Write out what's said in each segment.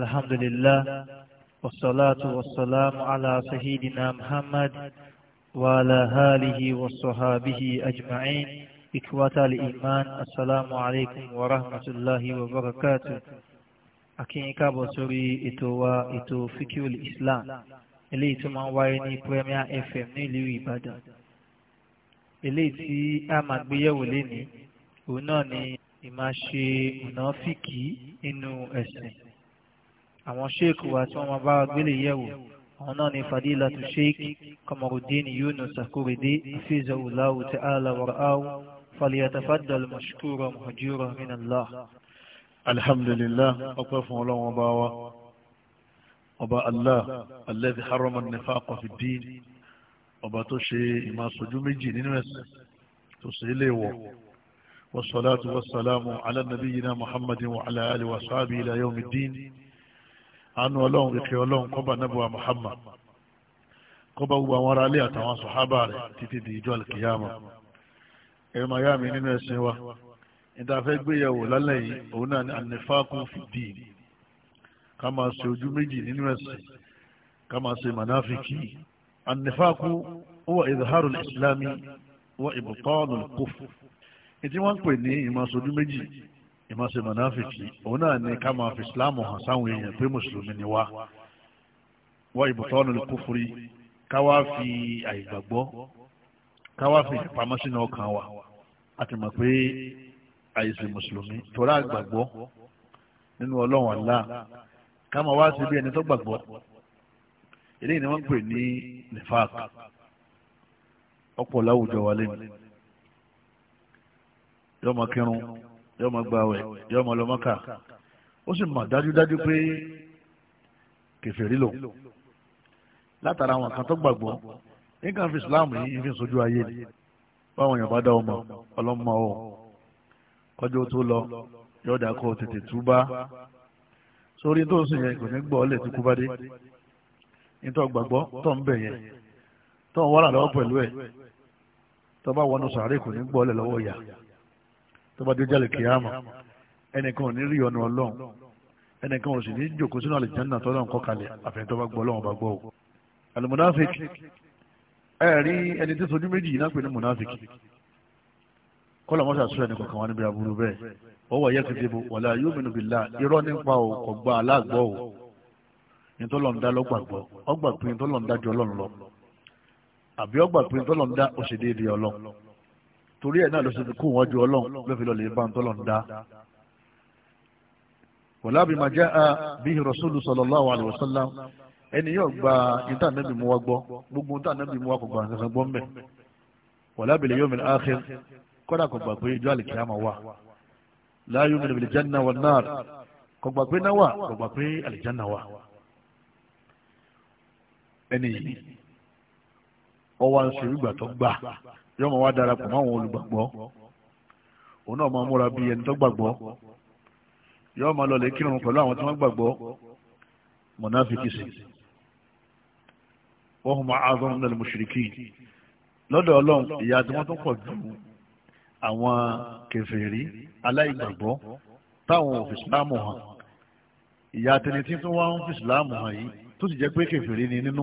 الحمد لله والصلاة والسلام على سيدنا محمد وعلى آله وصحابه أجمعين إخوة الإيمان السلام عليكم ورحمة الله وبركاته أكين كابو سوري إتوا إتو فكر الإسلام eléyìí tó máa ń wáyé ní Premier FM nílùú Ìbàdàn eléyìí tí a máa gbéyẹ̀wò lénìí òun náà àwọn sheikh wa tí wọ́n máa bá wa gbélé yẹ̀wò àwọn náà ni fadilatu sheikh Kamaruddin Yunus Akorede hafizahullahu ta'ala wara'ahu falyatafaddal mashkura muhajura min Allah. alhamdulillah ọpẹ́ fún Ọlọ́run ọba wa ọba Allah alladhi harrama an-nifaqa fi ad-din ọba tó ṣe ìmọ̀sọ̀jú méjì nínú ẹ̀sìn tó ṣe é léèwọ̀ والصلاة والسلام على نبينا محمد وعلى آله وصحبه إلى يوم الدين àánú ọlọ́run ìkẹ́ ọlọ́run kọ́ba nẹ́bùwà Muhammad kọ́ba gbogbo àwọn aráalé àtàwọn sọ̀hábà rẹ̀ títí di ìjọ alkiyama ẹ̀rọ màá yá mi nínú ẹ̀sìn wa ìdáfẹ́ gbéyàwó lálẹ́ yìí òun náà ni ànífàkùn fìdí ká máa ṣe ojú méjì nínú ẹ̀sìn ká máa ṣe mànáfíkì ànífàkùn huwa ìdáhàrù ìsìlámì huwa ìbùkọ́ ọ̀nà kófù ìtí wọ́n ń pè ní ìmọ̀ ìmọ̀sẹ̀ mọ̀náfìkì òun náà ní ká máa fi islam hàn sáwọn èèyàn pé mùsùlùmí ni wá wá ìbùtọ́ ọ̀nà kúfúrí ká wá fi àìgbàgbọ́ ká wá fi ìpamọ́ sínú ọkàn wa a ti mọ̀ pé àìsè mùsùlùmí torí àgbàgbọ́ nínú ọlọ́run àlá ká máa wá sí ẹni tó gbàgbọ́ eléyìí ni wọ́n ń pè ní nifak ọ̀pọ̀ láwùjọ wa lẹ́nu yọmọ kírun yóò máa gbààwẹ̀ yóò máa lọ Mákà ó sì mọ̀ dájúdájú pé kèfèrí lò látara àwọn kan tó gbàgbọ́ nǹkan fi Islam yìí fi sojú ayé ni báwọn èèyàn bá dá ọmọ ọlọ́mọ ọ kọjú tó lọ yóò dá kó tètè túbá sórí tó ń sìn yẹn kò ní gbọ́ ọ lè ti kú bá dé nítorí gbàgbọ́ tó ń bẹ̀ yẹn tó ń wọ́n lọ́wọ́ pẹ̀lú ẹ̀ tó bá wọnú sàárè kò ní gbọ́ ọ lè lọ́wọ́ yà tó bá dé jálè kìyàmà ẹnìkan ò ní rí ọ̀nà ọlọ́run ẹnìkan ò sì ní jòkó sínú àlìjánná tọ́lọ́run kọ́kalẹ̀ àfẹ́yìn tó bá gbọ́ ọlọ́run bá gbọ́ o. àlùmọ́náfíkì ẹ rí ẹni tí sojú méjì yìí náà pè ní mọ́náfíkì kọ́lọ̀ mọ́sà sọ ẹnì kọ̀ọ̀kan wá níbi aburú bẹ́ẹ̀ ó wà yẹ́kìdìbò wàlá yóò mìnú bìlá irọ́ nípa o kò gba aláàgbọ́ o ní tó lọ́n dá lọ́gbàgbọ́ torí ẹ̀ náà ló ṣe kú wájú ọlọ́run ló fi lọ lè bá ń tọ́lọ̀ ń dá. wọ́lá bí ma jẹ́ a bí rasulu sallallahu alayhi wa sallam ẹni yóò gba ìta nẹ́bí mu wa gbọ́ gbogbo ìta nẹ́bí mu wa kò gba nǹkan gbọ́ mbẹ́. wọ́lá bil yawmil akhir kọ́dà kò gbà pé ijó àlìkíyàmà wà. la yu'minu bil janna wan nar kò gbà pé náwà kò gbà pé àlìjánná wà. ẹni yìí ọwọ́ à ìgbà tó gbà yóò máa wá darapọ̀ mọ́ àwọn olùgbàgbọ́ òun náà máa múra bíi ẹni tó gbàgbọ́ yóò máa lọ lè kírun pẹ̀lú àwọn tí wọ́n gbàgbọ́ mọ̀náfíkì sí wọ́n hùwà azọ́n ní al-mushriki lọ́dọ̀ ọlọ́run ìyà tí wọ́n tún pọ̀ ju àwọn kèfèrí aláìgbàgbọ́ táwọn ò ìsìláàmù hàn ìyà tẹni tí tún wá ń fi ìsìláàmù hàn yìí tó sì jẹ́ pé kèfèrí ni nínú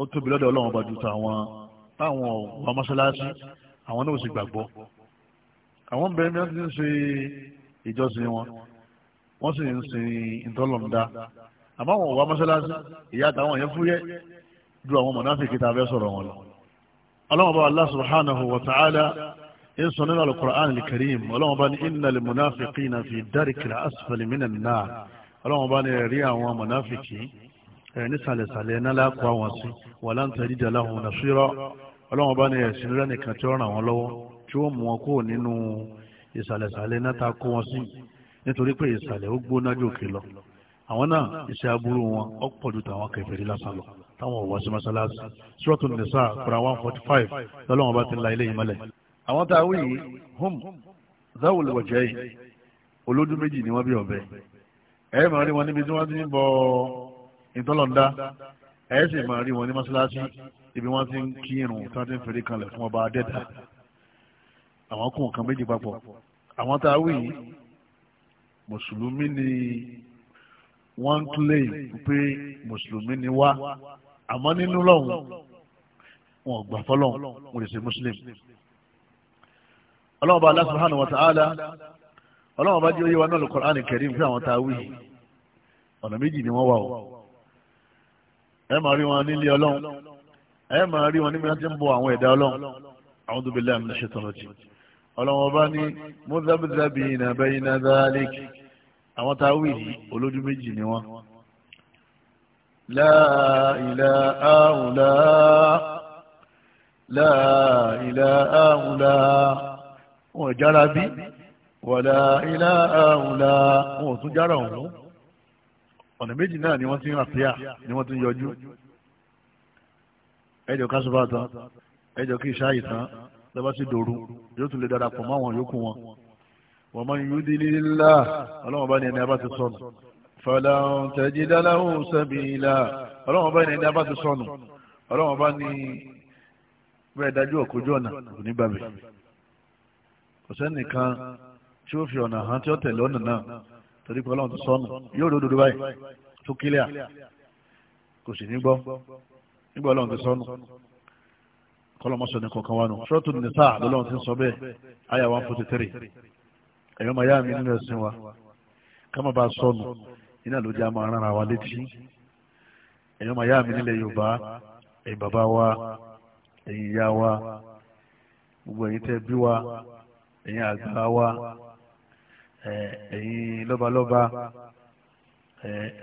ó tóbi lọ́dọ̀ ọlọ́run ọba ju tàwọn táwọn wà mọ́ṣáláṣí àwọn náà sì gbàgbọ́ àwọn bẹ̀rẹ̀ ní wọ́n ti ń ṣe ìjọsìn wọn wọ́n sì ń sin ìtọ́lọ̀mdá àmọ́ àwọn wà mọ́ṣáláṣí ìyá àtàwọn yẹn fúyẹ́ ju àwọn mọ̀náfíkì tá a fẹ́ sọ̀rọ̀ wọn lọ. ọlọ́mọba Allah subhanahu wa ta'ala in sọ nínú al-Qur'an al ọlọ́mọba ní innal munafiqina fi darkil asfali minan nar ọlọ́mọba ní nísàlẹ̀sàlẹ̀ iná lápò àwọn sí wà láǹtẹ̀rí dà láwọn ọ̀nà sírọ́ ọlọ́run bá ní ẹ̀sìn rẹ̀ nìkan tí ó ràn wọ́n lọ́wọ́ tí ó mú wọn kúrò nínú ìsàlẹ̀sàlẹ̀ iná ta kó wọn sí nítorí pé ìsàlẹ̀ ó gbóná jòkè lọ àwọn náà iṣẹ́ aburú wọn ó pọ̀ ju tàwọn kèfèrí lásán lọ táwọn ò wá sí mọ́sálásí sọ́ọ̀tún nìsá kura one forty five lọ́lọ́run bá ti la ilé yìí mọ́lẹ̀. àwọn tá a wí yìí hum zawul wajhayn olódú méjì ni wọ́n bí ọ̀bẹ ẹ̀ máa rí wọn níbi tí wọ́n ti ń bọ̀ ọ́ ìtọ́lọ̀ndá ẹ̀ sì máa rí wọn ní mọ́ṣáláṣí ibi wọ́n ti ń kí irun tí wọ́n ti ń fèrè kanlẹ̀ fún ọba adẹ́ta àwọn kún nǹkan méjì papọ̀ àwọn tá a wí yìí mùsùlùmí ni wọ́n ń claim pé mùsùlùmí ni wá àmọ́ nínú lọ́hùn wọn gbà fọlọ́hùn wọn lè ṣe muslim ọlọ́run bá Allah subhanahu wa ta'ala ọlọ́run bá jẹ́ oyé wa náà lọ́kọ̀ọ́ ànìkẹ́rì fún àwọn tá a wí yìí ọ̀nà méjì ni wọ́n wà o ẹ máa rí wọn nílé ọlọ́run ẹ máa rí wọn níbi láti ń bọ àwọn ẹ̀dá ọlọ́run a'udhu billahi minash shaitanir rajim ọlọ́run ọba ní mudhabdhabina bayna dhalik àwọn tá a wí yìí olójú méjì ni wọn. la ilaha illa la wọn jára bí wala ilaha illa wọn ò tún jára òun ọ̀nà méjì náà ni wọ́n ti ń àpíà ni wọ́n ti ń yọjú ẹjọ́ kásùbà tán ẹjọ́ kí ìṣáyì tán lọ́ba sí dòru yóò tún lè darapọ̀ mọ́ àwọn yòókù wọn. wọ́n máa ń yú di lílá ọlọ́wọ́n bá ní ẹni abá ti sọnù. fàlàhùn tẹ̀jídáláhùn sẹ́bìlá ọlọ́wọ́n bá ní ẹni abá ti sọnù ọlọ́wọ́n bá ní bẹ́ẹ̀ dájú ọ̀kójú ọ̀nà oníbàbẹ̀. kò sẹ́nìkan tí ó fi ọ̀nà hàn tí ó tẹ̀lé ọ̀nà náà torí pé ọlọ́run ti sọnù yóò rí òdodo báyìí tó kílẹ̀ à kò sì ní gbọ́ nígbà ọlọ́run ti sọnù kọlọmọsọ ní kankan wa nù ṣọ́ọ̀tù nìta lọ́lọ́run ti sọ bẹ́ẹ̀ àyà one forty three ẹ̀yọ́ máa yá mi nínú ẹ̀sìn wa ká má bàa sọnù iná ló jẹ́ àmọ́ ara wa létí ẹ̀yọ́ máa yá mi nílẹ̀ Yorùbá ẹ̀yin bàbá wa ẹ̀yin ìyá wa gbogbo ẹ̀yin tẹ́ bí wa ẹ̀yin àgbà wa ẹ̀yin lọ́balọ́ba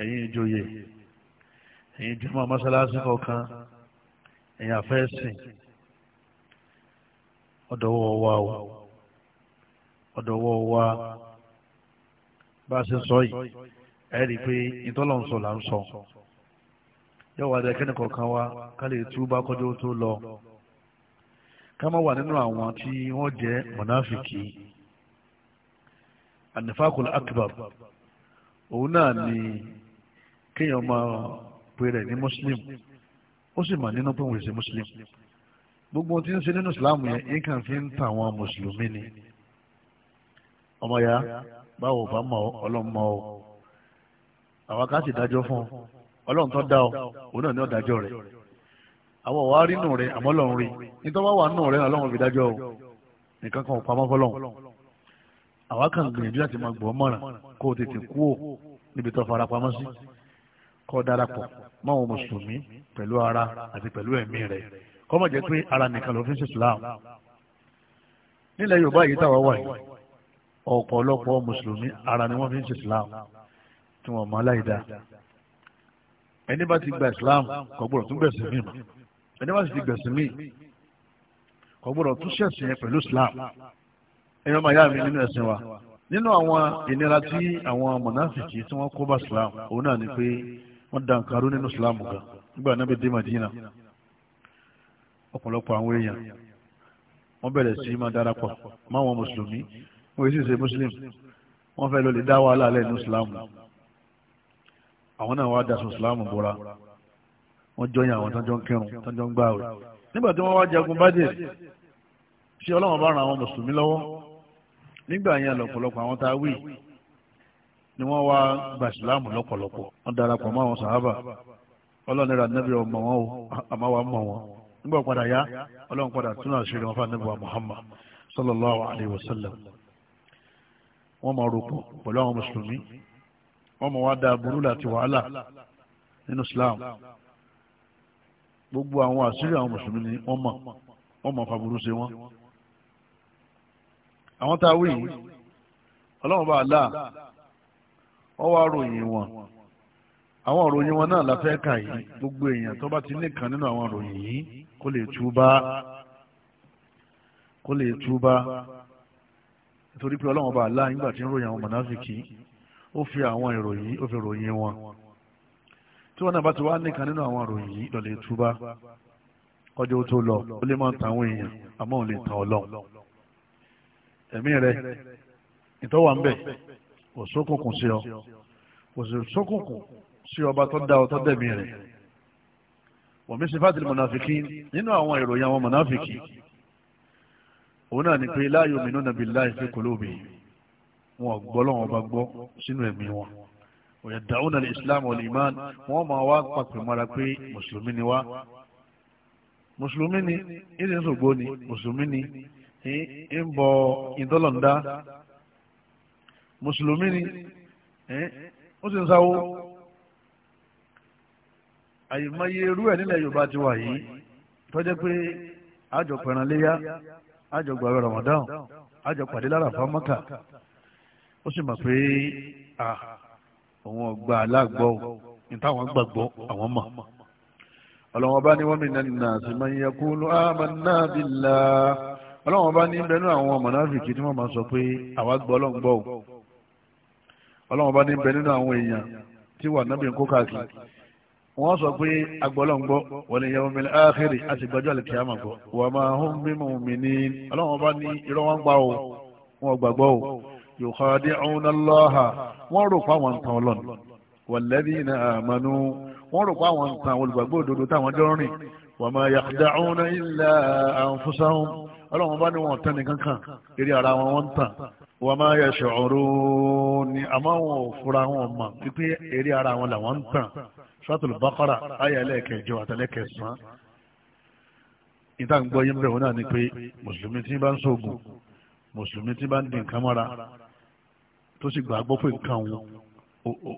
ẹ̀yin ìjòyè ẹ̀yin jẹ́mọ́ mọ́sálásí kọ̀ọ̀kan ẹ̀yin àfẹ́sìn ọ̀dọ̀wọ́ wa o ọ̀dọ̀wọ́ wa bá a ṣe sọ yìí ẹ̀ rí i pé ìtọ́lọ̀ ń sọ là ń sọ yóò wá dé kẹ́nìkan kan wá ká lè tú bá kọjọ́ tó lọ ká má wà nínú àwọn tí wọ́n jẹ́ mọ̀náfìkì anifakul akbar òun náà ni kéèyàn máa pè rẹ̀ ní muslim ó sì mà nínú pé wọ́n ṣe muslim gbogbo ohun tí ń ṣe nínú islam yẹn yín kàn fi ń ta àwọn mùsùlùmí ni ọmọ ya báwo bá mọ ọlọ́mọ o àwa ká sì dájọ́ fún ọ ọlọ́run tó dá ọ òun náà ní ọ̀dájọ́ rẹ̀ àwọn ọ̀wá rí nù rẹ̀ àmọ́ lọ́run rí nítorí wọ́n wà nù rẹ̀ ọlọ́run fi dájọ́ o nìkan kan ò pamọ́ fọlọ́run àwa kan gbìyànjú láti máa gbọ́ mọ̀ràn kó o tètè kú ò níbi tó fara pamọ́ sí kó o darapọ̀ máwọn mùsùlùmí pẹ̀lú ara àti pẹ̀lú ẹ̀mí rẹ̀ kó má jẹ́ pé ara nìkan ló fi ń ṣe Islam nílẹ̀ Yorùbá yìí táwa wà yìí ọ̀pọ̀lọpọ̀ mùsùlùmí ara ni wọ́n fi ń ṣe Islam tí wọ́n mọ aláìda ẹni bá ti gba Islam kò gbọ́dọ̀ tún gbẹ̀sìn mí mọ́ ẹni bá sì ti gbẹ̀sìn mí kò gbọ́dọ̀ tún ṣẹ̀sìn yẹn pẹ̀lú Islam ẹ̀yin ọmọ ìyá mi nínú ẹ̀sìn wa nínú àwọn ìnira tí àwọn mọ̀nàfìkì tí wọ́n kó bá islam òun náà ni pé wọ́n da nǹkan nínú islam gan nígbà náà bí dé madina ọ̀pọ̀lọpọ̀ àwọn èèyàn wọ́n bẹ̀rẹ̀ sí máa darapọ̀ máwọn mùsùlùmí wọ́n yìí sì ṣe muslim wọ́n fẹ́ lọ lè dá wàhálà lẹ̀ nínú islam àwọn náà wá daṣọ islam bọ́ra wọ́n jọyìn àwọn tọ́jọ́ ń kírun tọ́jọ́ ń gbààwẹ̀ nígbà tí wọ́n wá jagun bá dé ṣé ọlọ́run bá ran àwọn mùsùlùmí lọ́wọ́ nígbà yẹn lọ́pọ̀lọpọ̀ àwọn tá a wí ni wọ́n wá gba ìsìláàmù lọ́pọ̀lọpọ̀ wọ́n darapọ̀ mọ́ àwọn sàhábà ọlọ́nira nẹ́bí ọmọ wọn o àmọ́ wa mọ̀ wọn nígbà padà yá ọlọ́run padà tún àṣírí wọn fún ànábì wa Muhammad sallallahu alayhi wa sallam wọ́n máa rògbò pẹ̀lú àwọn mùsùlùmí wọ́n máa wá da burú láti wàhálà nínú islam gbogbo àwọn àṣírí àwọn mùsùlùmí ni wọ́n mọ̀ wọ́n máa fa burú sí wọn. àwọn tá a wí yìí ọlọ́run bá wá wọn àwọn ròyìn wọn náà la fẹ́ gbogbo èèyàn tó bá ti nìkan nínú àwọn ròyìn yìí kó lè túbá kó lè túbá nítorí pé ọlọ́run bá nígbà tí ń ròyìn àwọn ó fi àwọn ìròyìn ó fi ròyìn wọn tí wọn náà bá ti wá nìkan nínú àwọn yìí lọ ẹ̀mí rẹ ìtọ́wà ń bẹ̀ kò sókùnkùn sí ọ kò sì sókùnkùn sí ọba tó dá ọ tó dẹ̀mí rẹ wọ̀mí sí fásitì mọ̀nàfíkì nínú àwọn ìròyìn àwọn mọ̀nàfíkì òun náà ni pé la yu'minuna billahi fi qulubihim wọn gbọ́ lọ́wọ́ bá gbọ́ sínú ẹ̀mí wọn yad'una al-islam wal-iman wọn máa wá papẹ̀ mọ́ra pé mùsùlùmí ni wá mùsùlùmí ni ìdí ń sògbó mùsùlùmí ni ń bọ ìdọ́lọ̀ǹda mùsùlùmí ni ó sì ń sáwó àyèmáyé irú ẹ̀ nílẹ̀ yorùbá ti wà yìí tọ́jẹ́ pé àjọ pẹ̀ràn léyà àjọ gbàgbé ramadan àjọ pàdé láràfà mọ́kà ó sì mọ̀ pé àwọn ọgbà aláàgbọ́ ní táwọn gbàgbọ́ àwọn mọ̀ ọlọ́wọ́n bá ní wọ́n mi nà nà sí máa ń yẹ kúlú àmà náà ọlọ́run bá ní bẹnu àwọn mọ̀nàfíkì tí wọ́n máa sọ pé àwa gbọ́ ọlọ́run gbọ́ o ọlọ́run bá ní bẹ nínú àwọn èèyàn tí wà nábì ń kó káàkiri wọ́n sọ pé agbọ́ ọlọ́run gbọ́ wọlé yẹn omi áhírì àti gbọ́jọ́ àlè kìámà gbọ́ wà máa hún mímú mi ní ọlọ́run bá ní irọ́ wọn gbà o wọn gbàgbọ́ o yukhadi'una Allaha wọ́n rò pa àwọn nǹkan ọlọ́run walladhina amanu wọ́n rò pa àwọn nǹkan olùgbàgbọ́ òdodo táwọn jọ rìn wà máa yakhda'una illa ọlọ́run bá ní wọn tán nìkan kan eré ara wọn wọn tàn wọn máa yẹ ṣòro ni àmọ́ wọn ò fura wọn mọ̀ pípé eré ara wọn làwọn ń tàn suratul baqara ayé ẹlẹ́ẹ̀kẹjọ àtẹlẹ́kẹsàn-án ìta ń gbọ́ yín bẹ̀rù náà ni pé mùsùlùmí tí bá ń sọ̀gùn mùsùlùmí tí bá ń di nǹkan mọ́ra tó sì gbàgbọ́ pé nǹkan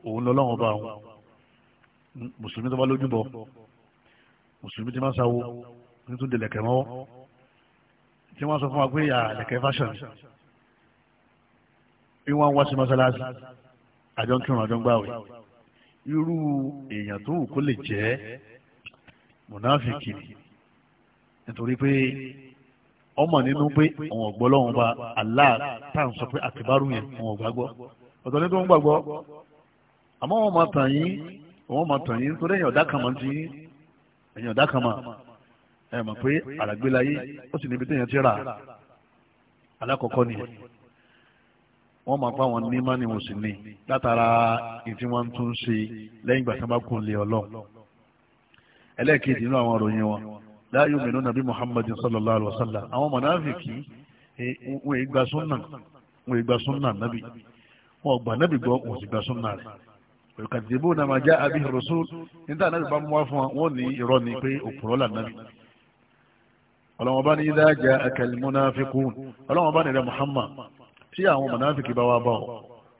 òun lọ́lọ́run bá wọn mùsùlùmí tó bá lójúbọ mùsùlùmí tí máa ń sáwó nítorí dẹ̀lẹ̀kẹ̀ mọ́wọ́ tí wọ́n sọ fún wa pé àlẹ̀kẹ́ fashion bí wọ́n wá sí mọ́sálásí àjọ ń kírun àjọ ń gbàwé irú èèyàn tó wù kó lè jẹ́ mùnáfìkì nítorí pé ọmọ nínú pé àwọn ọ̀gbọ́ lọ́wọ́n bá Allah tá à ń sọ pé àtibárù yẹn àwọn ọ̀gbà gbọ́ ọ̀tọ̀ ní tó ń gbàgbọ́ àmọ́ wọn máa tàn yín wọn máa tàn yín nítorí èèyàn ọ̀dá kan máa ti yín èèyàn ọ̀dá kan máa ẹ mọ̀ pé àràgbélayé ó sì níbi téèyàn ti rà alákọ̀ọ́kọ́ nìyẹn wọ́n máa pa wọn ní mání wọn sì ní látara ìtí wọ́n tún ṣe lẹ́yìn ìgbà tí wọ́n bá kún lé ọlọ́run ẹlẹ́ẹ̀kejì inú àwọn ìròyìn wọn la yu'minuna bi muhammadin sallallahu alaihi wa sallam àwọn mọ̀nàfìkì eh, wọn ìgbà súnà wọn ìgbà súnà nábì wọn ọgbà nábì gbọ́ wọn sì gbà súnà rẹ̀ òkàdìbò náà máa já abiy rasul níta nábì bá mú wá fún wọn wọn ní irọ́ ni pé òpùrọ́ là nábì ọlọ́wọ́n bá ní idha ja'aka al-munafiqun ọlọ́wọ́n bá nílẹ̀ Muhammad tí àwọn mọ̀náfíkì bá wá bá ọ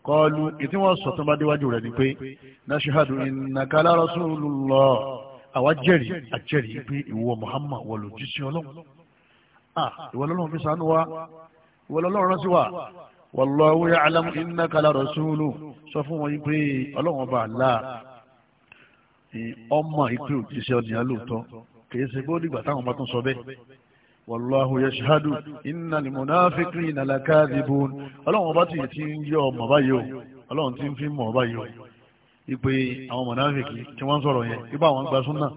kọlu ìtí wọ́n sọ tó bá déwájú rẹ̀ ni pé nashhadu innaka la rasulullah àwa jẹ́rìí àjẹ́rìí pé ìwọ Muhammad wọ lòjíṣẹ́ ọlọ́run ah ìwọ lọ́lọ́run fi ṣàánú wa ìwọ lọ́lọ́run rán sí wa wallahu ya'lamu innaka la rasulu sọ fún wọn pé ọlọ́run bá là ọmọ ìpè òjíṣẹ́ ọ̀nìyàn lóòótọ́ kì í ṣe gbódìgbà táwọn bá tún sọ bẹ́ẹ̀ والله يشهد inna المنافقين munafiqina lakadibun ọlọ́run ọba ti ti ń yọ ọmọ báyìí o ọlọ́run ti ń fi mọ̀ báyìí o ìpè àwọn mọ̀náfíkì tí wọ́n ń sọ̀rọ̀ yẹn ibà àwọn gba súnà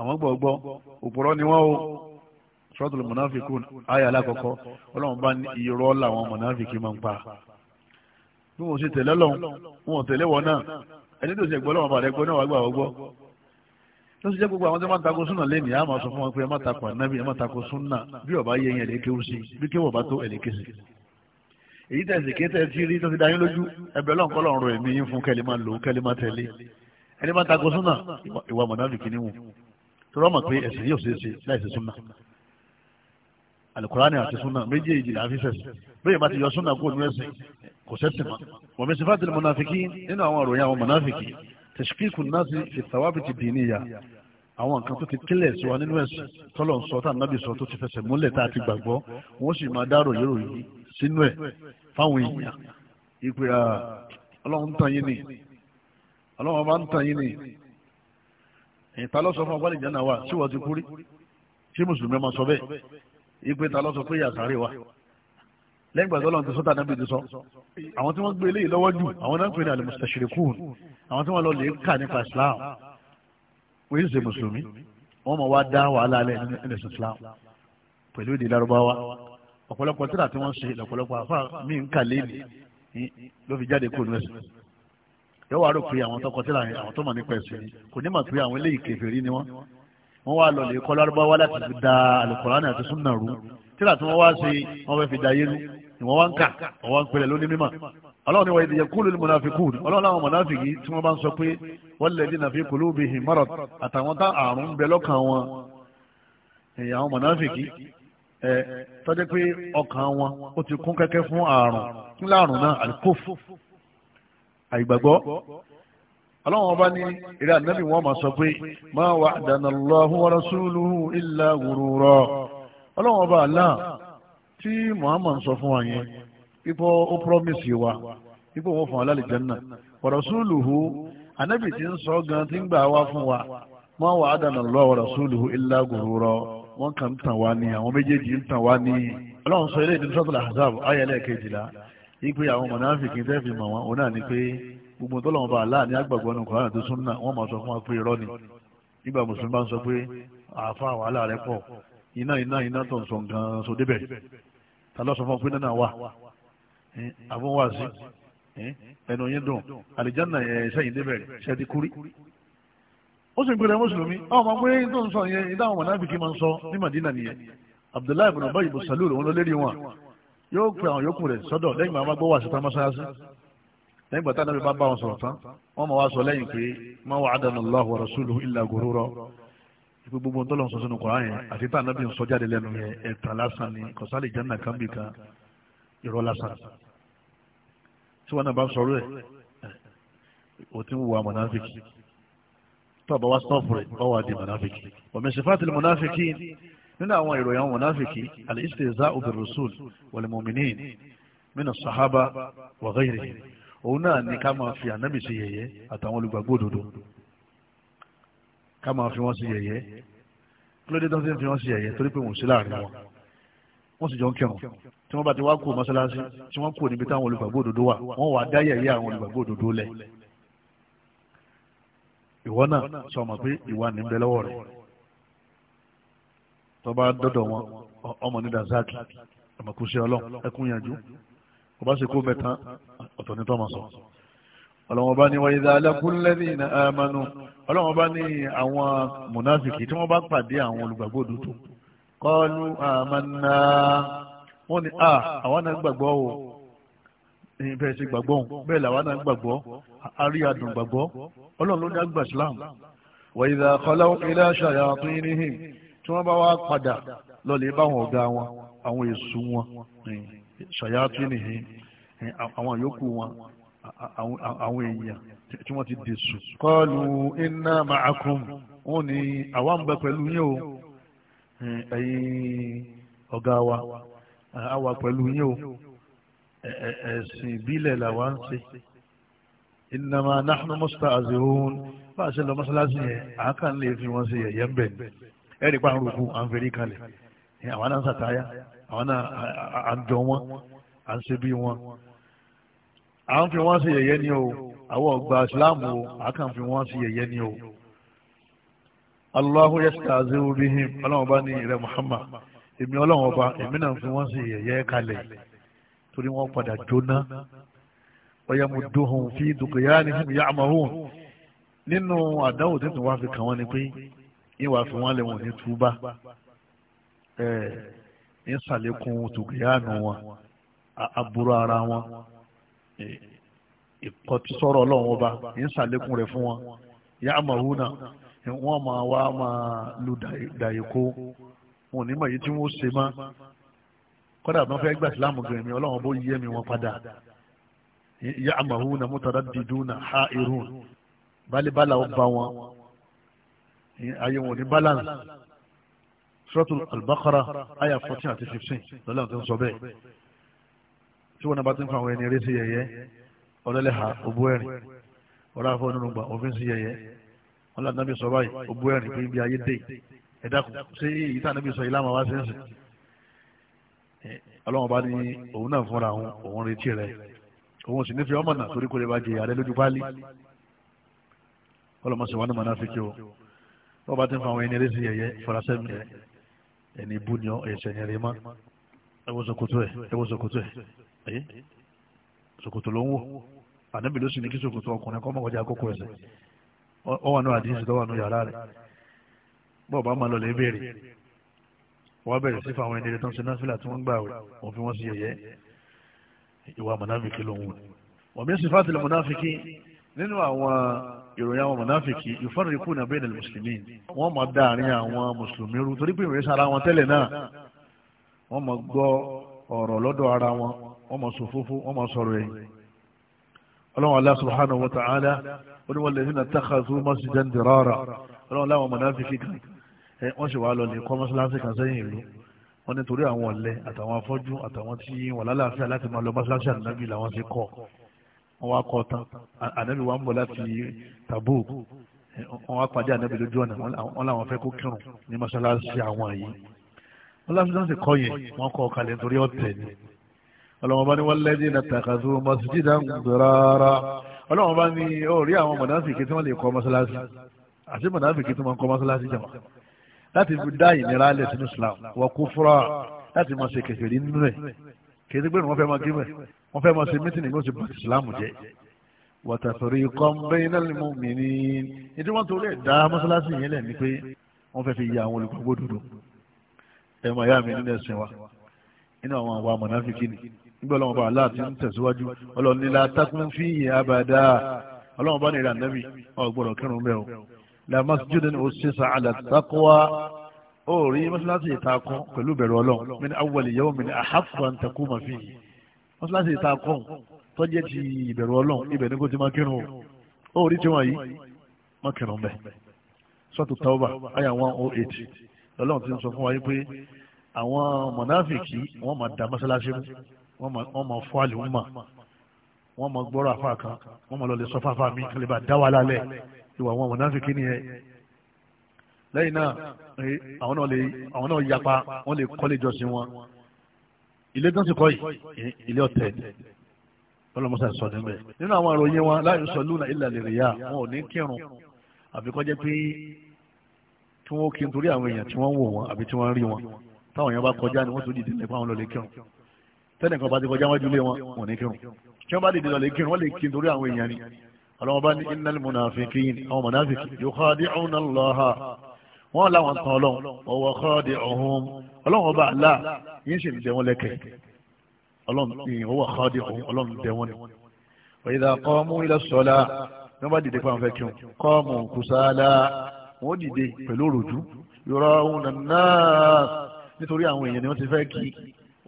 àwọn gbọ̀gbọ́ òpùrọ́ ni wọ́n o suratul munafiqun ayé alákọ̀ọ́kọ́ ọlọ́run bá ní irọ́ làwọn mọ̀náfíkì máa ń pa bí wọ́n ṣe tẹ̀lé ọlọ́run wọn tẹ̀lé wọn náà ẹni tó ṣe gbọ́ ọlọ́run bàdẹ́gbọ́ náà wàá gbà wọ́gbọ́ tó sì jẹ́ gbogbo àwọn tó máa tako súnà lẹ́nìí a máa sọ fún wọn pé ẹ má tako ànábì ẹ má tako súnà bí ọba yẹ yẹn lèké ó sí bí kéwọ́ bá tó ẹ̀lẹ́kẹ́ sí. èyí tẹ̀sí ké tẹ̀ sí rí tó ti dá lójú ẹbẹ̀ lọ́nkọ́ lọ́n rọ ẹ̀mí yín fún kẹ́lẹ́ máa lò kẹ́lẹ́ máa tẹ̀lé ẹni máa tako súnà ìwà mọ̀nàfíkì níwò tó rọ́mọ̀ pé ẹ̀sìn yóò ṣe é ṣe láìsí súnà alukurani àti sunna méjèèjì la fi ṣẹ̀sìn bẹ́ẹ̀ bá ti yọ sunna kó nu ẹ̀sìn kò ṣẹ̀sìn mọ́ wọ́n mi sifatil munafikin nínú àwọn àròyìn àwọn munafikin tẹ̀síkìkù الناس في fi tàwábì ti dì níyà àwọn nǹkan tó ti kílẹ̀ sí wa nínú ẹ̀sìn tọ́lọ̀ ń sọ tá nàbì sọ tó ti fẹsẹ̀ múlẹ̀ tá a ti gbàgbọ́ wọ́n sì máa dárò yòrò yìí sínú ẹ̀ fáwọn èèyàn ìpè ọlọ́run tàn yín ni ọlọ́run bá ń tàn yín ni ẹ̀yin ta ló sọ fún ọgbà ìjànà wa tí wọ́n ti kú rí tí mùsùlùmí ọmọ sọ bẹ́ẹ̀ ìpè ta ló sọ pé yàtàrí wa lẹ́yìn gbàgbọ́ lọ́n ti sọ́tà náà bìí sọ àwọn tí wọ́n gbé eléyìí lọ́wọ́ jù àwọn náà ń pè ní alimusitashirikun àwọn tí wọ́n lọ lè kà nípa islam wọ́n yìí ṣe mùsùlùmí wọ́n mọ̀ wá dá wàhálà alẹ́ nínú islam pẹ̀lú èdè lárúbáwá ọ̀pọ̀lọpọ̀ tíra tí wọ́n ṣe ọ̀pọ̀lọpọ̀ àfa mi ń kà léèlì ló fi jáde kó nùẹ̀sì yóò wá rò pé àwọn tọkọ tíra yẹn àwọn tó mọ̀ nípa ẹ̀sìn kò ní mọ̀ pé àwọn eléyìí kèfèrí ni wọ́n wọ́n wá lọ lè kọ́ lárúbáwá láti fi da alukọ̀ránì àti súnà rú tíra tí wọ́n wá ṣe wọ́n fẹ́ fi da yé rú ìwọ̀n wá ń kà wọ́n wá ń ni wọ́n ìdíyẹ kúlù ní mọ̀nàfikùn ọlọ́run làwọn mọ̀nàfikì tí wọ́n bá ń sọ pé wọ́n lè dín nàfi kùlù bí àtàwọn tá àrùn ń bẹ wọn àwọn mọ̀nàfikì ẹ tọ́jú pé ọkàn wọn ó ti kún kẹ́kẹ́ fún àrùn kí láàrùn náà àlùkòfò àìgbàgbọ́ ọlọ́run ọba wọn máa sọ pé wa tí muhammad sọ fún wa yẹn ipò ó promise wa ipò wọn fún wa lálẹ́ jẹ́nà wa rasuluhu anábì tí ń sọ gan tí ń gbà wá fún wa ma wa'adana Allah wa rasuluhu illa gurura wọn kàn ń tàn wá ní àwọn méjèèjì ń tàn wá ní ọlọ́run sọ ilé ìdí sọ́tàlá hazab ayẹlẹ́ kejìlá ipe àwọn mọ̀nàfíkì tẹ́ fi mọ̀ wọn òun náà ni pé gbogbo tọ́lọ́wọ́n bá aláàní àgbàgbọ́ nù kọ́ra tó súnà wọ́n máa sọ fún wa pé irọ́ ni nígbà mùsùlùmí bá ń sọ pé àáfà wàhálà rẹ pọ̀ iná iná iná tó ń sọ nǹkan so ta ló sọ fún ọ pé nánà wà àbọ̀ wà sí ẹnu yín dùn àlìjáná yẹn sẹ́yìn débẹ̀ sẹ́ẹ̀dì kúrí ó sì ń gbèrè mùsùlùmí àwọn ọmọ pé tó ń sọ yẹn ìdáhùn mọ̀nàfíkì máa ń sọ ní Madina nìyẹn Abdullahi ibn Ubay ibn Salul òun ló lérí wọn yóò pe àwọn yòókù rẹ̀ sọ́dọ̀ lẹ́yìn máa gbọ́ wà síta mọ́ṣáláṣí lẹ́yìn gbàtà náà bá bá wọn sọ̀rọ̀ tán wọ́n máa wá sọ lẹ́yìn pé ma wa'adana Allahu wa rasuluhu illa ghurura ìpè gbogbo ntọ́lọ̀ ń sọ sínú kọ́ra yẹn àti tá ànábì ń sọ jáde lẹ́nu yẹn ẹ̀tàn lásán ni kọ̀sálì jẹ́nà kan bì kan irọ́ lásán tí wọn náà bá ń sọ rẹ̀ o ti ń wo amọ̀náfíkì tó àbá wá stọ́ọ̀fù rẹ̀ ọ wà di mọ̀náfíkì ọ̀mẹ̀sìfàtì mọ̀náfíkì nínú àwọn ìròyìn àwọn mọ̀náfíkì alìsítẹ̀zá obìrùsùl wàlìmọ̀mìnì mínà sàhábà wàgáyìrì òun náà ní ká máa fi ànábì sí yẹ̀yẹ́ àtàwọn olùgbàgbọ́ òdodo ká máa fi wọ́n sí yẹ̀yẹ́ kí ló dé tán sí fi wọ́n sí yẹ̀yẹ́ torí pé wọ́n sí láàrin wọn wọ́n sì jọ ń kírun tí wọ́n bá ti wá kó mọ́sálásí tí wọ́n kó níbi táwọn olùgbàgbọ́ òdodo wà wọ́n wà dá yẹ̀yẹ́ àwọn olùgbàgbọ́ òdodo lẹ̀ ìwọ náà sọ ma pé ìwà ní bẹ lọ́wọ́ rẹ̀ tó bá dọ́dọ̀ wọn ọmọ ní dazaki ọmọkùsí ọlọ́ ẹkún yanjú ọba sì kó mẹ́ta ọ̀tọ̀ ní tọ́ sọ ọlọ́wọ́n bá ní wáyé alákùn lẹ́yìn amánú ọlọ́wọ́n bá ní àwọn mùnáfìkì tí wọ́n bá pàdé àwọn olùgbàgbọ́ òdodo kọ́ọ̀lù àmánà wọ́n ní à àwọn náà gbàgbọ́ o ní bẹ́ẹ̀ sí gbàgbọ́ òun bẹ́ẹ̀ làwọn náà gbàgbọ́ àárí àdùn gbàgbọ́ ọlọ́run ló ní àgbà islam wáyé àkọlọ́ ilé àṣà àyàtún yín níhìn tí wọ́n bá wá padà lọ́lẹ̀ àwọn yòókù wọn àwọn èèyàn tí wọ́n ti dèṣù. kọlu iná ma'akum wọn ni àwa ń bẹ pẹ̀lú yín o ẹ̀yin ọ̀gá wa àwa pẹ̀lú yín o ẹ̀sìn ìbílẹ̀ làwa ń ṣe ìnàmà náhùn mọ́sítà àzìhún bá a ṣe lọ mọ́sálásí yẹn àákàn lè fi wọ́n ṣe yẹ̀yẹ́ ń bẹ̀ ni ẹ̀rí pa àrùkù à ń fèrè kalẹ̀ àwọn náà ń sàtáyà àwọn náà à ń jọ wọn à ń ṣe bí wọn. à ń fi wọ́n sí yẹ̀yẹ́ ni o àwọn ọgbà ìsìláàmù o à kàn fi wọ́n sí yẹ̀yẹ́ ni o. Allahu yastaziru bihim ọlọ́run ọba ní ìrẹ́ Muhammad èmi ọlọ́run ọba èmi náà fi wọ́n sí yẹ̀yẹ́ kalẹ̀ torí wọ́n padà jóná ọ̀yà mu fi dùkìyà ní fún ìyá nínú fi kàn wọ́n ni pé yín wàá fi wọ́n lẹ̀ wọ́n ní túbá ẹ̀ ń sàlékún nù wọn àbúrò ara wọn. ìkọtísọ́rọ̀ ọlọ́run ọba ń sàlékún rẹ̀ fún wọn yá àmàhúnà wọ́n máa wá máa lu dàyíkó wọn ò ní mọ̀ èyí tí wọ́n ṣe má kọ́dà bá fẹ́ gbà sílámù gan mi ọlọ́run bó yẹ mi wọn padà yá àmàhúnà mútàdá dìdúnà ha irun bálíbálà ó bá wọn ayé wọn ò ní balance suratul albakara aya fourteen àti fifteen lọ́la tó ń sọ bẹ́ẹ̀ tí wọn bá ti ń fa àwọn ẹni eré sí yẹyẹ ọlọ́lẹ́hà òbú ẹ̀rìn ọlá àfọ onírúgba òfin sí yẹyẹ ọlá nàbí sọ báyìí òbú ẹ̀rìn pé ibi ayé dé ẹ̀dá kù sí èyí tá nàbí sọ yìí láwọn wá sí ẹ̀sìn ọlọ́wọ́n bá ní òun náà fúnra òun òun retí rẹ òun sì nífẹ̀ẹ́ ọmọ náà torí kò lè bá jẹ ààrẹ lójú pálí ọlọ́mọ sì wà ní mọ̀nà fíkì o wọ́n bá ti ń fa àwọn ẹni eré sí yẹyẹ fọlásẹ́ ẹni bú ni ọ ẹ̀sẹ̀ ni ẹ̀rẹ́ mọ́ ẹ̀wọ́sọ̀kòtò ẹ̀ ẹ̀wọ́sọ̀kòtò ẹ̀ ẹ eh? ṣòkòtò ló ń wò ànábì ló sì ní kí ṣòkòtò ọkùnrin kọ́ mọ̀kọ́jà àkókò ẹ̀sẹ̀ ọ wà nù àdínsì tó wà nù yàrá rẹ̀ bọ́ọ̀ bá máa lọ lè béèrè wọ́n bẹ̀rẹ̀ sí fáwọn ẹni rẹ̀ tó ń ṣe náfìlà tí wọ́n gbà wẹ̀ wọ́n fi wọ́n sí yẹ̀yẹ́ ìwà mọ̀náfìkì ló ń wò wọ́n mi sì fàtìlẹ̀ mọ̀náfìkì nínú àwọn ìròyìn àwọn mọ̀náfìkì yufarriquna bayna al-muslimin wọ́n wọ́n ọ̀rọ̀ lọ́dọ̀ ara wọn wọ́n mọ̀ sòfófó wọ́n mọ̀ sọ̀rọ̀ ẹ̀yìn ọlọ́run Allah subhanahu wa ta'ala oníwàlẹ́sìn àtàkàzú masjidan dirara ọlọ́run láwọn mọ̀nàfíkì kan wọ́n sì wá lọ lè kọ́ mọ́sálásí kan sẹ́yìn ìlú wọ́n ní torí àwọn ọ̀lẹ àtàwọn afọ́jú àtàwọn tí wọ́n lálàáfíà láti máa lọ mọ́sálásí ànábì làwọn ti kọ́ wọ́n wá kọ́ tán ànábì wa ń bọ̀ láti Tabuk wọ́n wá pàdé ànábì lójú ọ̀nà wọ́n làwọn fẹ́ kó kírun ní mọ́sálásí àwọn yìí ọlọ́mọdé kọ́ yẹn wọ́n kọ́ kalẹ̀ torí ọ̀tẹ̀ ni ọlọ́mọba ni wọ́n lẹ́dí na tàkàtú masjidá ń gbèràrà ọlọ́mọba ni ó rí àwọn mọ̀nàfìkì tí wọ́n lè kọ́ mọ́sálásí àti mọ̀nàfìkì tí wọ́n kọ́ mọ́sálásí jama láti fi dá ìnira alẹ̀ sínú islam wà kú fúra láti máa ṣe kẹfẹ́ rí nínú ẹ̀ kẹsí pé wọ́n fẹ́ máa gímẹ̀ wọ́n fẹ́ máa ṣe wọ́n fẹ́ fi yà àwọn olùgbàgbọ́ dúdú ẹ̀mọ̀ ìyá mi nínú ẹ̀sìn wa nínú àwọn àwọn amọ̀náfíkì ni nígbà ọlọ́run bá aláà ti ń tẹ̀síwájú ọlọ́run nílá takun fi yẹ abàdá ọlọ́run bá ní ìlànà mi ọ̀gbọ́dọ̀ kírun bẹ́ẹ̀ o la masjidin usisa ala taqwa ó rí mọ́sálásí ìtakùn pẹ̀lú bẹ̀rù ọlọ́run min awwali yawmin ahaqqu an takuma fihi mọ́sálásí ìtakùn tọ́jẹ́ ti ìbẹ̀rù ọlọ́run ibẹ̀ ní kó ti máa kírun o ó rí tiwọn yìí má kírun bẹ́ẹ̀ sọ́tù tawba àyà one oh eight lọ́lọ́run ti ń sọ fún wa yìí pé àwọn mọ̀náfìkì wọ́n máa da mọ́sálásí mú wọ́n máa fọ́ àlè wọn mà wọ́n máa gbọ́rọ̀ àfa kan wọ́n máa lọ lè sọ fáfá mi kí lè bá dá wa lálẹ́ ìwà àwọn mọ̀náfìkì nìyẹn lẹ́yìn náà àwọn náà lè àwọn náà yapa wọ́n lè kọ́lé jọsìn wọn ilé tó ń sìnkọ́ yìí ilé ọ̀tẹ̀ ọlọ́mọsá sọ níbẹ̀ nínú àwọn àròyìn wọn la yusalluna illa liriya wọn ò ní kírun àbíkọ́jẹ́ pé tí wọ́n kí n torí àwọn èèyàn tí wọ́n wò wọ́n àbí tí wọ́n rí wọn táwọn èèyàn bá kọjá ni wọ́n tún dìde nípa àwọn lọ lè kírun tẹ́nìkan bá ti kọjá wájú lé wọn wọn ní kírun tí wọ́n bá dìde lọ lè kírun wọ́n lè kí n torí àwọn èèyàn ni ọlọ́wọ́n bá ní innal munafiqin àwọn mọ̀nàfíkì yukhadi'una Allaha wọ́n láwọn tán ọlọ́run ọwọ́ khadi'uhum ọlọ́run ọba àlá yín sì ọwọ́ khadi'uhum ọlọ́run dẹ wọn ni. wa idha qamu ila as-salah wọ́n bá dìde fún wọn ó dìde pẹ̀lú òròjú yọrọ ohun nàná nítorí àwọn èèyàn ni wọ́n ti fẹ́ kí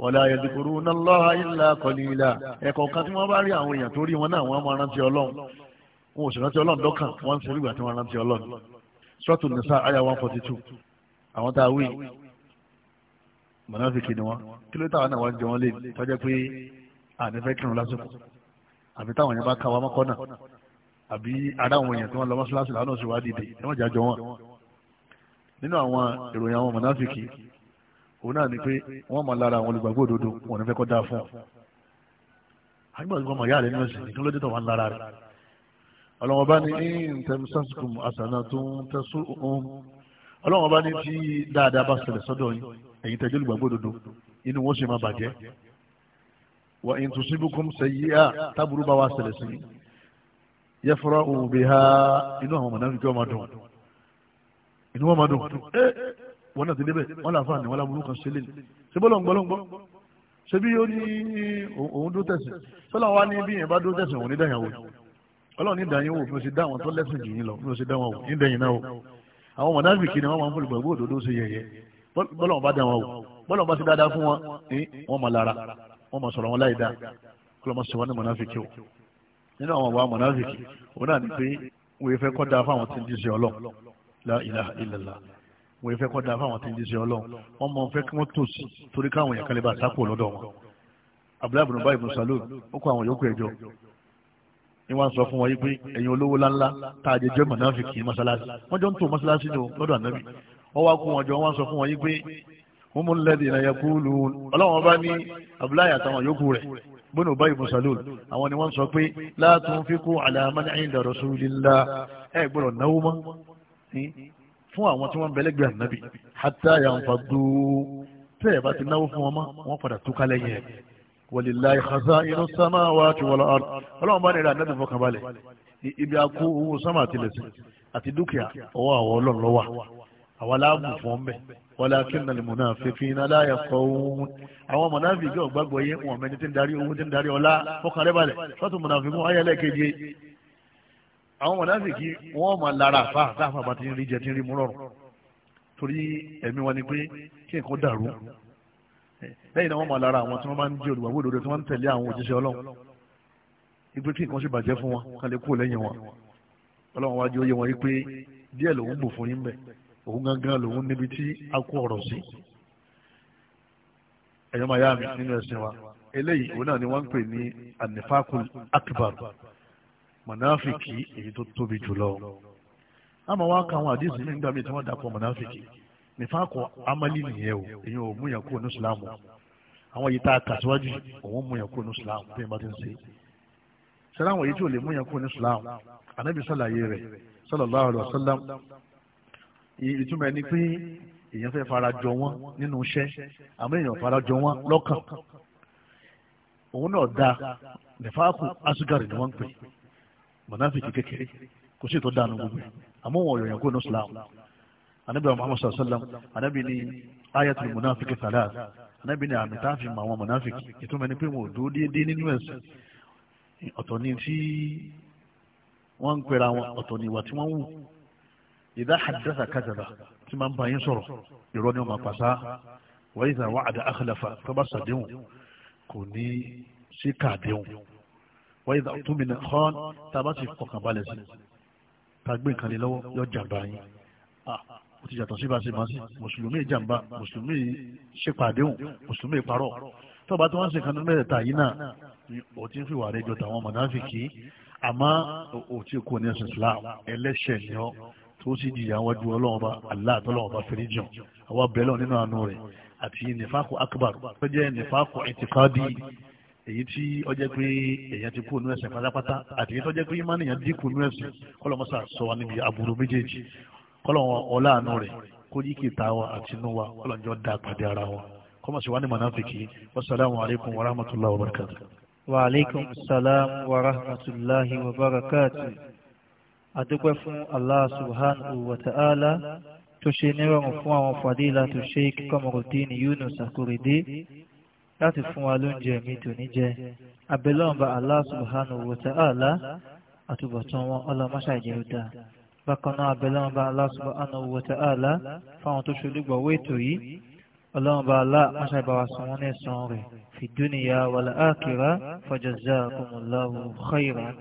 wala yadhkuruna Allaha illa qalila ẹ̀kọ́ kan tí wọ́n bá rí àwọn èèyàn tó rí wọn náà wọ́n máa rántí ọlọ́run wọn ò sì rántí ọlọ́run dọ́kàn wọ́n ń ṣe nígbà tí wọ́n rántí ọlọ́run suratu nisa aya one forty two àwọn tá a wí mọ̀nàfíkì ni wọ́n kí táwọn náà wá jẹ wọ́n lé tọ́jẹ́ pé ànífẹ́ kírun lásìkò àbí táwọn yẹn bá ká wa mọ́kọ́ náà àbí ara àwọn èèyàn tí wọ́n lọ mọ́ṣáláṣí làwọn náà sì wá dìde ẹ má jájọ wọn nínú àwọn ìròyìn àwọn mọ̀náfíkì òun náà ni pé wọ́n mọ̀ lára àwọn olùgbàgbọ́ òdodo wọn ní fẹ́ kọ́ dáa fún ọ agbọ̀n ìgbọ̀n màyá rẹ̀ nínú ẹ̀sìn ìtún lójú tó wà ń lára rẹ̀ ọlọ́wọ́n bá ní ìntẹ̀mísàsùkùm àṣàna tó ń tẹ̀sù ohun ọlọ́wọ́n bá ní tí dáadáa bá ṣẹlẹ̀ sọ́dọ̀ yín ẹ̀yin olùgbàgbọ́ òdodo inú wọn sì máa bàjẹ́ wà ìntùsíbùkùm sẹ́yìíà táburú bá wà ṣẹlẹ̀ sí yẹfura òbí ha inú àwọn mọ̀nàmí kí wọ́n máa dùn inú wọn máa dùn ẹ wọn náà ti débẹ̀ wọn làá fáàní wọn làá burúkú kan ṣe lé ní ṣe bọ́lọ̀ ń gbọ́lọ́ ń gbọ́ ṣe bí ó ní òun dó tẹ̀sìn sọ́lá wa ní bí yẹn bá dó tẹ̀sìn òun ní dàyàwó ọlọ́run ní dàyàwó mi ò sì dá àwọn tó lẹ́sìn jù yín lọ mi ò sì dá wọn ní dẹ̀yìn náà wò àwọn mọ̀nàmí kì ni wọ́n máa ń fọlùgbọ̀ ìwé òdòdó ṣe yẹ̀yẹ́ bọ́lọ̀ nínú àwọn àwọn mọ̀nàfíkì òun náà ni pé wọ́n fẹ́ kọ́ da fáwọn tí ń di sí ọlọ́run la ilaha illallah wọ́n fẹ́ kọ́ da fáwọn tí ń di sí ọlọ́run wọ́n mọ̀ fẹ́ kí wọ́n tò sí torí káwọn èèyàn kalẹ̀ bá sápò lọ́dọ̀ wọn. abdullahi bin bayi musalu ó kó àwọn yòókù ẹjọ́ ni wọ́n sọ fún wọn yìí pé ẹ̀yin olówó ńláńlá tá a jẹ jẹ́ mọ̀nàfíkì mọ́sálásí wọ́n jọ ń tò mọ́sálásí ni lọ́dọ̀ ànábì wọ́n wá kó wọn jọ wọ́n sọ fún wọn yìí pé wọ́n mú lẹ́dí ìnáyà kúlù ọlọ́run ọba ní abdullahi àtàwọn yòókù rẹ̀ bónú báyìí musalul àwọn ni wọ́n sọ pé látún fi kú àlàmà ní àyìnlá rasulillah ẹ gbọ́dọ̀ náwó mọ́ fún àwọn tí wọ́n bẹ̀lẹ́gbẹ̀ ànábì hatta yanfadu tẹ́ ẹ̀ bá ti náwó fún wọn mọ́ wọ́n padà túká lẹ́yìn ẹ̀ walillahi khaza'inu samawati wal ard ọlọ́run bá ní ìrà ànábì fọkànbalẹ̀ ibi akó owó sámà àtìlẹ̀sìn àti dúkìá ọwọ́ àwọn ọlọ́run ló wà àwọn aláàbò fún ọmọ wọlé akínnàlì munafiqina la yafqahun àwọn mọ̀nàfíkì ọ̀gbàgbọ́ yé wọn mẹni tí ń darí owó tí ń darí ọlá fọkàn rẹ balẹ̀ fọ́tò munafiqun ayẹlẹ́ keje àwọn mọ̀nàfíkì wọn mọ̀ lára àfa àtàfà bá ti ń rí jẹ ti ń rí mú rọrùn torí ẹ̀mí wọn ni pé kí nǹkan dàrú lẹ́yìn náà wọ́n mọ̀ lára àwọn tí wọ́n máa ń jẹ́ olùwàwò lórí tí wọ́n ń tẹ̀lé àwọn òjíṣẹ́ ọlọ́run ipe kí nǹkan sì bàjẹ́ fún wọn kán lè kú lẹ́yìn wọn ọlọ́run wájú ó yẹ wọn yí pé díẹ̀ lòún bù fún yín bẹ́ẹ̀ òun gangan lòun níbi tí a kó ọ̀rọ̀ sí ẹ̀yọ́ máa yá mi nínú ẹ̀sìn wa eléyìí òun náà ni wọ́n ń pè ní anifakul akbar Manafiki èyí tó tóbi jùlọ àmọ́ wá ka àwọn àdìsí mi nígbà míì tí wọ́n dàpọ̀ mọ̀náfìkì nífàkọ amali nìyẹn o èyí ò mú yẹn kúrò ní Islam àwọn yìí tá a kà síwájú òun mú yẹn kúrò ní Islam bí wọ́n bá ti ń ṣe sẹ́lá àwọn yìí tí ò lè mú yẹn kúrò ní Islam anábì sàlàyé ìtumọ̀ ẹni pé èèyàn fẹ́ fara jọ wọ́n nínú iṣẹ́ àmọ́ èèyàn fara jọ wọ́n lọ́kàn òun náà da nìfàákù asugari ni wọ́n ń pè mọ̀nàfíkì kékeré kò sí ètò dànù gbogbo àmọ́ wọn yọ̀yàn kó inú islam anabi muhammad sallallahu alaihi wasallam anabi ni ayatul munafiki salat anabi ni àmì táàfì mọ àwọn mọ̀nàfíkì ìtumọ̀ ẹni pé wọn ò dúró déédéé nínú ẹ̀sìn ọ̀tọ̀ ni tí wọ́n ń pera wọn ọ̀tọ̀ ni ìwà tí wọ́n ń wù ìdá haddatha kadhaba tí máa ń bá yín sọ̀rọ̀ irọ́ ni ó máa pàṣá wa idha wa'ada akhlafa tó bá sàdéhùn kò ní sí kàdéhùn wa idha tumina khan tá a bá ti fọkàn balẹ̀ sí tá a gbé nǹkan lé lọ́wọ́ yọ jàǹbá yín ah, ó ti yàtọ̀ sí bá a ṣe máa sí mùsùlùmí jàǹbá mùsùlùmí ṣèpàdéhùn mùsùlùmí parọ́ tó bá tí wọ́n ń ṣe kan ní mẹ́rẹ̀ẹ́ta yìí náà ò ti ń fi wà rẹ jọ tàwọn mọ̀nàfìkì àmọ́ ò ti kú ní ẹ̀sìn Islam ẹlẹ́ṣẹ̀ ni ọ́ tó sì jìyà wọn ju ọlọ́run bá Allah tọ́lọ́run bá fẹ́rẹ́ jàn àwa bẹ̀rẹ̀ nínú àánú rẹ̀ àti nìfàkù akbar tó jẹ́ nìfàkù ìtìkádì èyí tí ó jẹ́ pé èèyàn ti kú nínú ẹ̀sìn pátápátá àti èyí tó jẹ́ pé ìmánì èèyàn dínkù nínú ẹ̀sìn kọ́lọ́mọ́sà sọ wa níbi aburú méjèèjì kọ́lọ́wọ́ ọláàánú rẹ̀ kó yí kìta wa àti inú wa kọ́lọ́njọ́ da pàdé ara wa kọ́mọ̀ sí wa ní mọ̀nàfìkì wasalaamu alaykum wa rahmatulahi wa barakatu. wa aleykum salaam wa rahmatulahi wa barakatu adúpẹ́ fún Allah subhanahu wa ta'ala tó ṣe nírọ̀rùn fún àwọn fàdílà tó Sheikh Kamaruddin Yunus Akorede láti fún wa lóúnjẹ mi tò ní jẹ abẹ́lọ́ọ̀bá Allah subhanahu wa ta'ala àtúbọ̀tán wọn ọlọ́mọṣà ìjẹ̀rúdà bákan náà abẹ́lọ́ọ̀bá Allah subhanahu wa ta'ala fáwọn tó ṣolúgbọ̀wé ètò yìí ọlọ́ọ̀bá Allah mọ́ṣà ìbára san wọn ní ẹ̀san rẹ̀ fi dunya wal akhirah fa